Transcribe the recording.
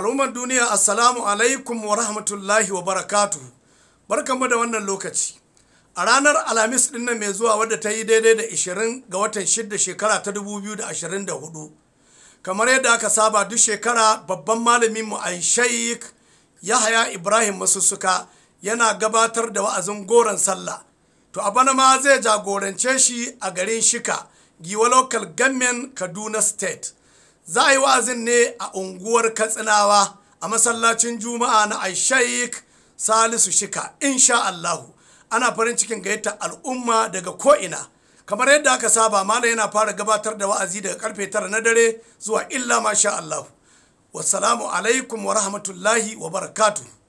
al'ummar duniya assalamu alaikum wa rahmatullahi wa barakatuhu barkanmu da wannan lokaci a ranar alhamis din nan mai zuwa wadda ta yi daidai da 20 ga watan 6 shekara ta 2024 kamar yadda aka saba duk shekara babban malamin mu aishaik ya yahaya ibrahim masussuka yana gabatar da wa'azin goron sallah to a bana ma zai jagorance shi a garin shika giwa local government kaduna state za a yi wa'azin ne a unguwar katsinawa a masallacin juma'a na aishaik salisu shika insha allahu ana farin cikin gayyata al'umma daga ko'ina kamar yadda aka saba mana yana fara gabatar da wa'azi daga karfe tara na dare zuwa illa masha allahu wasalamu alaikum wa rahmatullahi wa barakatuh